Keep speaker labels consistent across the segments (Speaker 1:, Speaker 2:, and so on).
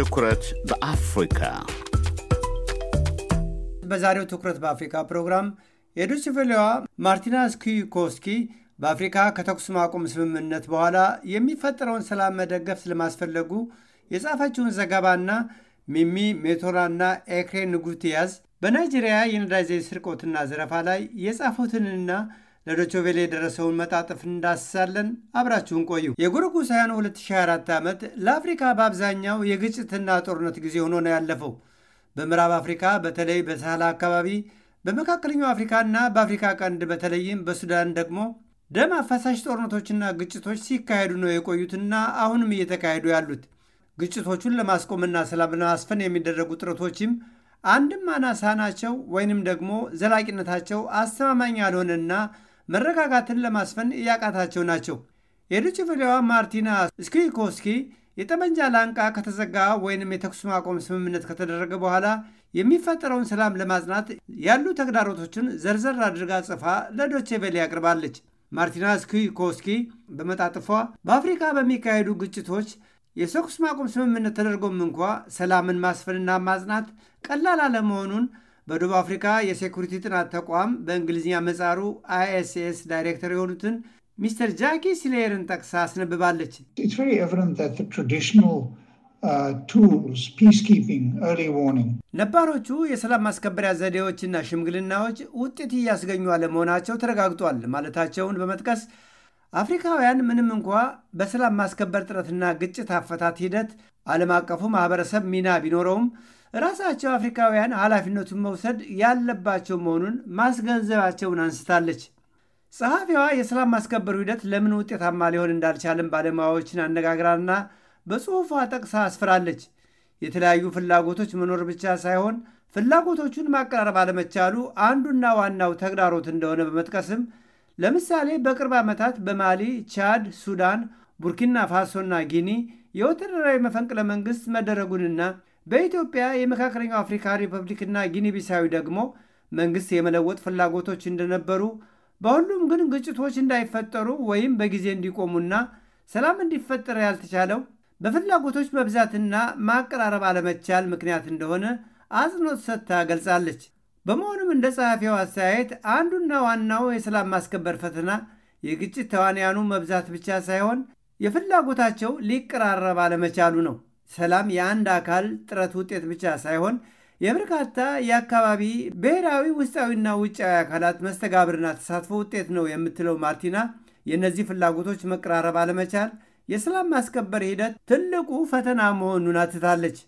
Speaker 1: ትኩረት በአፍሪካ በዛሬው ትኩረት በአፍሪካ ፕሮግራም የዶችቬሌዋ ማርቲና ስኪኮስኪ በአፍሪካ ከተኩስ ማቆም ስምምነት በኋላ የሚፈጠረውን ሰላም መደገፍ ስለማስፈለጉ የጻፈችውን ዘገባና ሚሚ ሜቶራና ኤክሬ ንጉትያዝ በናይጄሪያ የነዳጅ ስርቆትና ዘረፋ ላይ የጻፉትንና ለዶቾቬሌ የደረሰውን መጣጥፍ እንዳስሳለን። አብራችሁን ቆዩ። የጎርጎሳውያኑ 2024 ዓመት ለአፍሪካ በአብዛኛው የግጭትና ጦርነት ጊዜ ሆኖ ነው ያለፈው። በምዕራብ አፍሪካ በተለይ በሳህል አካባቢ፣ በመካከለኛው አፍሪካና በአፍሪካ ቀንድ በተለይም በሱዳን ደግሞ ደም አፋሳሽ ጦርነቶችና ግጭቶች ሲካሄዱ ነው የቆዩትና አሁንም እየተካሄዱ ያሉት። ግጭቶቹን ለማስቆምና ሰላም ለማስፈን የሚደረጉ ጥረቶችም አንድም አናሳ ናቸው ወይንም ደግሞ ዘላቂነታቸው አስተማማኝ ያልሆነና መረጋጋትን ለማስፈን እያቃታቸው ናቸው። የዱችፍሌዋ ማርቲና ስኩይኮስኪ የጠመንጃ ላንቃ ከተዘጋ ወይንም የተኩስ ማቆም ስምምነት ከተደረገ በኋላ የሚፈጠረውን ሰላም ለማጽናት ያሉ ተግዳሮቶችን ዘርዘር አድርጋ ጽፋ ለዶቼ ቬሌ ያቅርባለች። ማርቲና ስኪኮስኪ በመጣጥፏ በአፍሪካ በሚካሄዱ ግጭቶች የተኩስ ማቆም ስምምነት ተደርጎም እንኳ ሰላምን ማስፈንና ማጽናት ቀላል አለመሆኑን በደቡብ አፍሪካ የሴኩሪቲ ጥናት ተቋም በእንግሊዝኛ መጻሩ አይኤስኤስ ዳይሬክተር የሆኑትን ሚስተር ጃኪ ስሌየርን ጠቅሳ አስነብባለች። uh, ነባሮቹ የሰላም ማስከበሪያ ዘዴዎችና ሽምግልናዎች ውጤት እያስገኙ አለመሆናቸው ተረጋግጧል ማለታቸውን በመጥቀስ አፍሪካውያን ምንም እንኳ በሰላም ማስከበር ጥረትና ግጭት አፈታት ሂደት ዓለም አቀፉ ማህበረሰብ ሚና ቢኖረውም ራሳቸው አፍሪካውያን ኃላፊነቱን መውሰድ ያለባቸው መሆኑን ማስገንዘባቸውን አንስታለች። ጸሐፊዋ የሰላም ማስከበሩ ሂደት ለምን ውጤታማ ሊሆን እንዳልቻለም ባለሙያዎችን አነጋግራና በጽሑፏ ጠቅሳ አስፍራለች። የተለያዩ ፍላጎቶች መኖር ብቻ ሳይሆን ፍላጎቶቹን ማቀራረብ አለመቻሉ አንዱና ዋናው ተግዳሮት እንደሆነ በመጥቀስም ለምሳሌ በቅርብ ዓመታት በማሊ፣ ቻድ፣ ሱዳን፣ ቡርኪና ፋሶና ጊኒ የወታደራዊ መፈንቅለ መንግሥት መደረጉንና በኢትዮጵያ የመካከለኛው አፍሪካ ሪፐብሊክና ጊኒ ቢሳዊ ደግሞ መንግስት የመለወጥ ፍላጎቶች እንደነበሩ፣ በሁሉም ግን ግጭቶች እንዳይፈጠሩ ወይም በጊዜ እንዲቆሙና ሰላም እንዲፈጠር ያልተቻለው በፍላጎቶች መብዛትና ማቀራረብ አለመቻል ምክንያት እንደሆነ አጽንኦት ሰጥታ ገልጻለች። በመሆኑም እንደ ጸሐፊው አስተያየት አንዱና ዋናው የሰላም ማስከበር ፈተና የግጭት ተዋንያኑ መብዛት ብቻ ሳይሆን የፍላጎታቸው ሊቀራረብ አለመቻሉ ነው። ሰላም የአንድ አካል ጥረት ውጤት ብቻ ሳይሆን የበርካታ የአካባቢ ብሔራዊ ውስጣዊና ውጫዊ አካላት መስተጋብርና ተሳትፎ ውጤት ነው የምትለው ማርቲና የእነዚህ ፍላጎቶች መቀራረብ አለመቻል የሰላም ማስከበር ሂደት ትልቁ ፈተና መሆኑን አትታለች።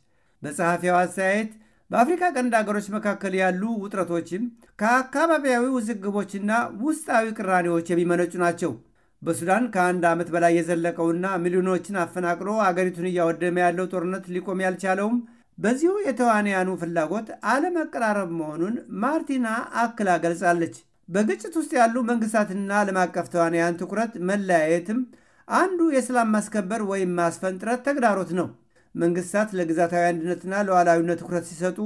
Speaker 1: በጸሐፊው አስተያየት በአፍሪካ ቀንድ አገሮች መካከል ያሉ ውጥረቶችም ከአካባቢያዊ ውዝግቦችና ውስጣዊ ቅራኔዎች የሚመነጩ ናቸው። በሱዳን ከአንድ ዓመት በላይ የዘለቀውና ሚሊዮኖችን አፈናቅሎ አገሪቱን እያወደመ ያለው ጦርነት ሊቆም ያልቻለውም በዚሁ የተዋንያኑ ፍላጎት አለመቀራረብ መሆኑን ማርቲና አክላ ገልጻለች። በግጭት ውስጥ ያሉ መንግስታትና ዓለም አቀፍ ተዋንያን ትኩረት መለያየትም አንዱ የሰላም ማስከበር ወይም ማስፈንጥረት ተግዳሮት ነው። መንግስታት ለግዛታዊ አንድነትና ለዋላዊነት ትኩረት ሲሰጡ፣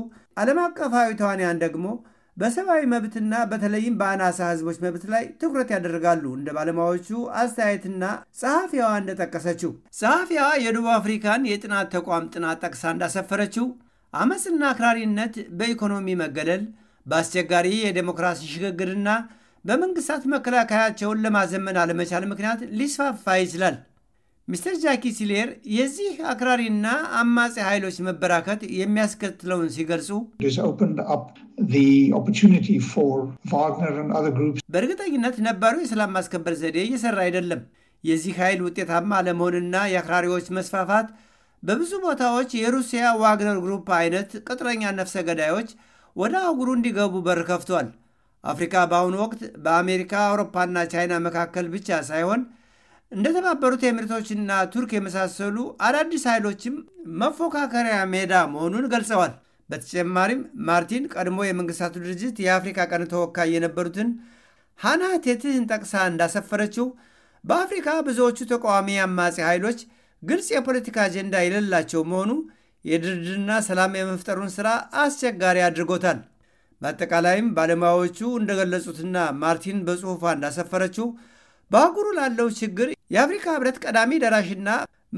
Speaker 1: ዓለም አቀፋዊ ተዋንያን ደግሞ በሰብአዊ መብትና በተለይም በአናሳ ህዝቦች መብት ላይ ትኩረት ያደርጋሉ። እንደ ባለሙያዎቹ አስተያየትና ጸሐፊዋ እንደጠቀሰችው ጸሐፊዋ የደቡብ አፍሪካን የጥናት ተቋም ጥናት ጠቅሳ እንዳሰፈረችው አመፅና አክራሪነት በኢኮኖሚ መገለል፣ በአስቸጋሪ የዴሞክራሲ ሽግግርና በመንግስታት መከላከያቸውን ለማዘመን አለመቻል ምክንያት ሊስፋፋ ይችላል። ሚስተር ጃኪ ሲሌር የዚህ አክራሪና አማጺ ኃይሎች መበራከት የሚያስከትለውን ሲገልጹ በእርግጠኝነት ነባሩ የሰላም ማስከበር ዘዴ እየሰራ አይደለም። የዚህ ኃይል ውጤታማ ለመሆንና የአክራሪዎች መስፋፋት በብዙ ቦታዎች የሩሲያ ዋግነር ግሩፕ አይነት ቅጥረኛ ነፍሰ ገዳዮች ወደ አህጉሩ እንዲገቡ በር ከፍቷል። አፍሪካ በአሁኑ ወቅት በአሜሪካ አውሮፓና ቻይና መካከል ብቻ ሳይሆን እንደተባበሩት ኤምሬቶችና ቱርክ የመሳሰሉ አዳዲስ ኃይሎችም መፎካከሪያ ሜዳ መሆኑን ገልጸዋል። በተጨማሪም ማርቲን ቀድሞ የመንግስታቱ ድርጅት የአፍሪካ ቀን ተወካይ የነበሩትን ሃና ቴትህን ጠቅሳ እንዳሰፈረችው በአፍሪካ ብዙዎቹ ተቃዋሚ አማጺ ኃይሎች ግልጽ የፖለቲካ አጀንዳ የሌላቸው መሆኑ የድርድርና ሰላም የመፍጠሩን ሥራ አስቸጋሪ አድርጎታል። በአጠቃላይም ባለሙያዎቹ እንደገለጹትና ማርቲን በጽሑፏ እንዳሰፈረችው በአህጉሩ ላለው ችግር የአፍሪካ ህብረት ቀዳሚ ደራሽና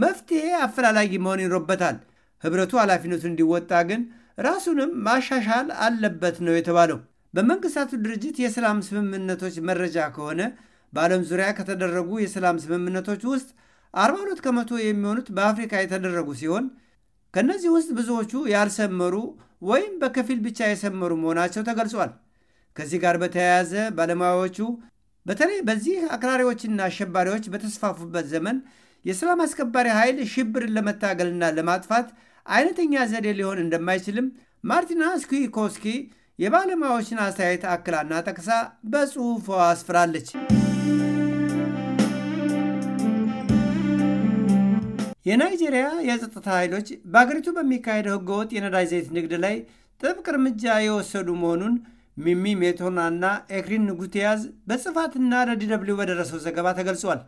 Speaker 1: መፍትሄ አፈላላጊ መሆን ይኖርበታል። ህብረቱ ኃላፊነቱን እንዲወጣ ግን ራሱንም ማሻሻል አለበት ነው የተባለው። በመንግስታቱ ድርጅት የሰላም ስምምነቶች መረጃ ከሆነ በዓለም ዙሪያ ከተደረጉ የሰላም ስምምነቶች ውስጥ 42 ከመቶ የሚሆኑት በአፍሪካ የተደረጉ ሲሆን ከእነዚህ ውስጥ ብዙዎቹ ያልሰመሩ ወይም በከፊል ብቻ የሰመሩ መሆናቸው ተገልጿል። ከዚህ ጋር በተያያዘ ባለሙያዎቹ በተለይ በዚህ አክራሪዎችና አሸባሪዎች በተስፋፉበት ዘመን የሰላም አስከባሪ ኃይል ሽብርን ለመታገልና ለማጥፋት አይነተኛ ዘዴ ሊሆን እንደማይችልም ማርቲና ስኩኮስኪ የባለሙያዎችን አስተያየት አክላና ጠቅሳ በጽሁፎ አስፍራለች። የናይጄሪያ የጸጥታ ኃይሎች በአገሪቱ በሚካሄደው ህገወጥ የነዳጅ ዘይት ንግድ ላይ ጥብቅ እርምጃ የወሰዱ መሆኑን ሚሚ ሜቶናና ኤክሪን ንጉቴያዝ በጽፋትና ለዲደብሊው በደረሰው ዘገባ ተገልጿል።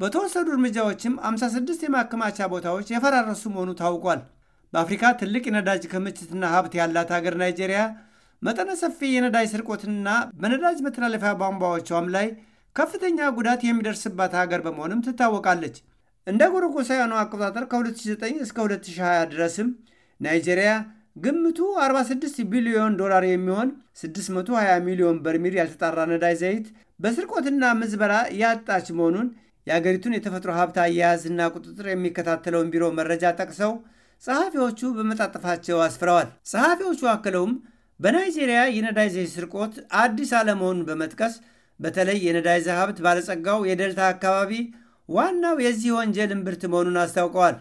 Speaker 1: በተወሰዱ እርምጃዎችም 56 የማከማቻ ቦታዎች የፈራረሱ መሆኑ ታውቋል። በአፍሪካ ትልቅ የነዳጅ ክምችትና ሀብት ያላት ሀገር ናይጄሪያ መጠነ ሰፊ የነዳጅ ስርቆትና በነዳጅ መተላለፊያ ቧንቧዎቿም ላይ ከፍተኛ ጉዳት የሚደርስባት ሀገር በመሆንም ትታወቃለች። እንደ ጎርጎሳውያኑ አቆጣጠር ከ2009 እስከ 2020 ድረስም ናይጄሪያ ግምቱ 46 ቢሊዮን ዶላር የሚሆን 620 ሚሊዮን በርሜል ያልተጣራ ነዳጅ ዘይት በስርቆትና ምዝበራ ያጣች መሆኑን የአገሪቱን የተፈጥሮ ሀብት አያያዝና ቁጥጥር የሚከታተለውን ቢሮ መረጃ ጠቅሰው ጸሐፊዎቹ በመጣጠፋቸው አስፍረዋል። ጸሐፊዎቹ አክለውም በናይጄሪያ የነዳጅ ዘይት ስርቆት አዲስ አለመሆኑን በመጥቀስ በተለይ የነዳጅ ዘይት ሀብት ባለጸጋው የደልታ አካባቢ ዋናው የዚህ ወንጀል እምብርት መሆኑን አስታውቀዋል።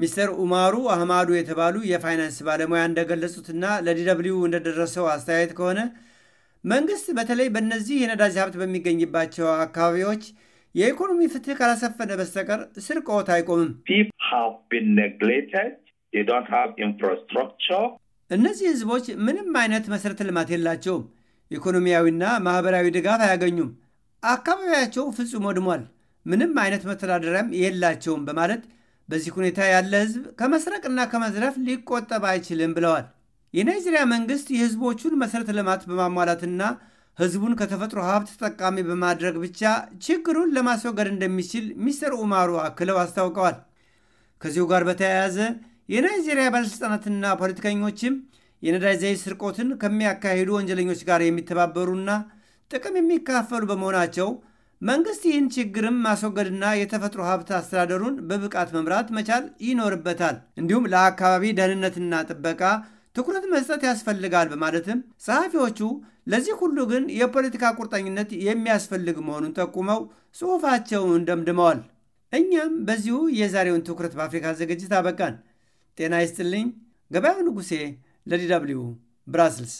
Speaker 1: ሚስተር ኡማሩ አህማዱ የተባሉ የፋይናንስ ባለሙያ እንደገለጹትና ለዲደብሊው እንደደረሰው አስተያየት ከሆነ መንግስት በተለይ በእነዚህ የነዳጅ ሀብት በሚገኝባቸው አካባቢዎች የኢኮኖሚ ፍትህ ካላሰፈነ በስተቀር ስርቆት አይቆምም። እነዚህ ህዝቦች ምንም አይነት መሠረተ ልማት የላቸውም። ኢኮኖሚያዊና ማህበራዊ ድጋፍ አያገኙም። አካባቢያቸው ፍጹም ወድሟል። ምንም አይነት መተዳደሪያም የላቸውም በማለት በዚህ ሁኔታ ያለ ህዝብ ከመስረቅና ከመዝረፍ ሊቆጠብ አይችልም ብለዋል። የናይጄሪያ መንግስት የህዝቦቹን መሠረተ ልማት በማሟላትና ህዝቡን ከተፈጥሮ ሀብት ተጠቃሚ በማድረግ ብቻ ችግሩን ለማስወገድ እንደሚችል ሚስተር ኡማሩ አክለው አስታውቀዋል። ከዚሁ ጋር በተያያዘ የናይጄሪያ ባለሥልጣናትና ፖለቲከኞችም የነዳጅ ዘይት ስርቆትን ከሚያካሂዱ ወንጀለኞች ጋር የሚተባበሩና ጥቅም የሚካፈሉ በመሆናቸው መንግስት ይህን ችግርም ማስወገድና የተፈጥሮ ሀብት አስተዳደሩን በብቃት መምራት መቻል ይኖርበታል። እንዲሁም ለአካባቢ ደህንነትና ጥበቃ ትኩረት መስጠት ያስፈልጋል በማለትም ጸሐፊዎቹ ለዚህ ሁሉ ግን የፖለቲካ ቁርጠኝነት የሚያስፈልግ መሆኑን ጠቁመው ጽሑፋቸውን ደምድመዋል። እኛም በዚሁ የዛሬውን ትኩረት በአፍሪካ ዝግጅት አበቃን። ጤና ይስጥልኝ። ገበያው ንጉሴ ለዲ ደብልዩ ብራስልስ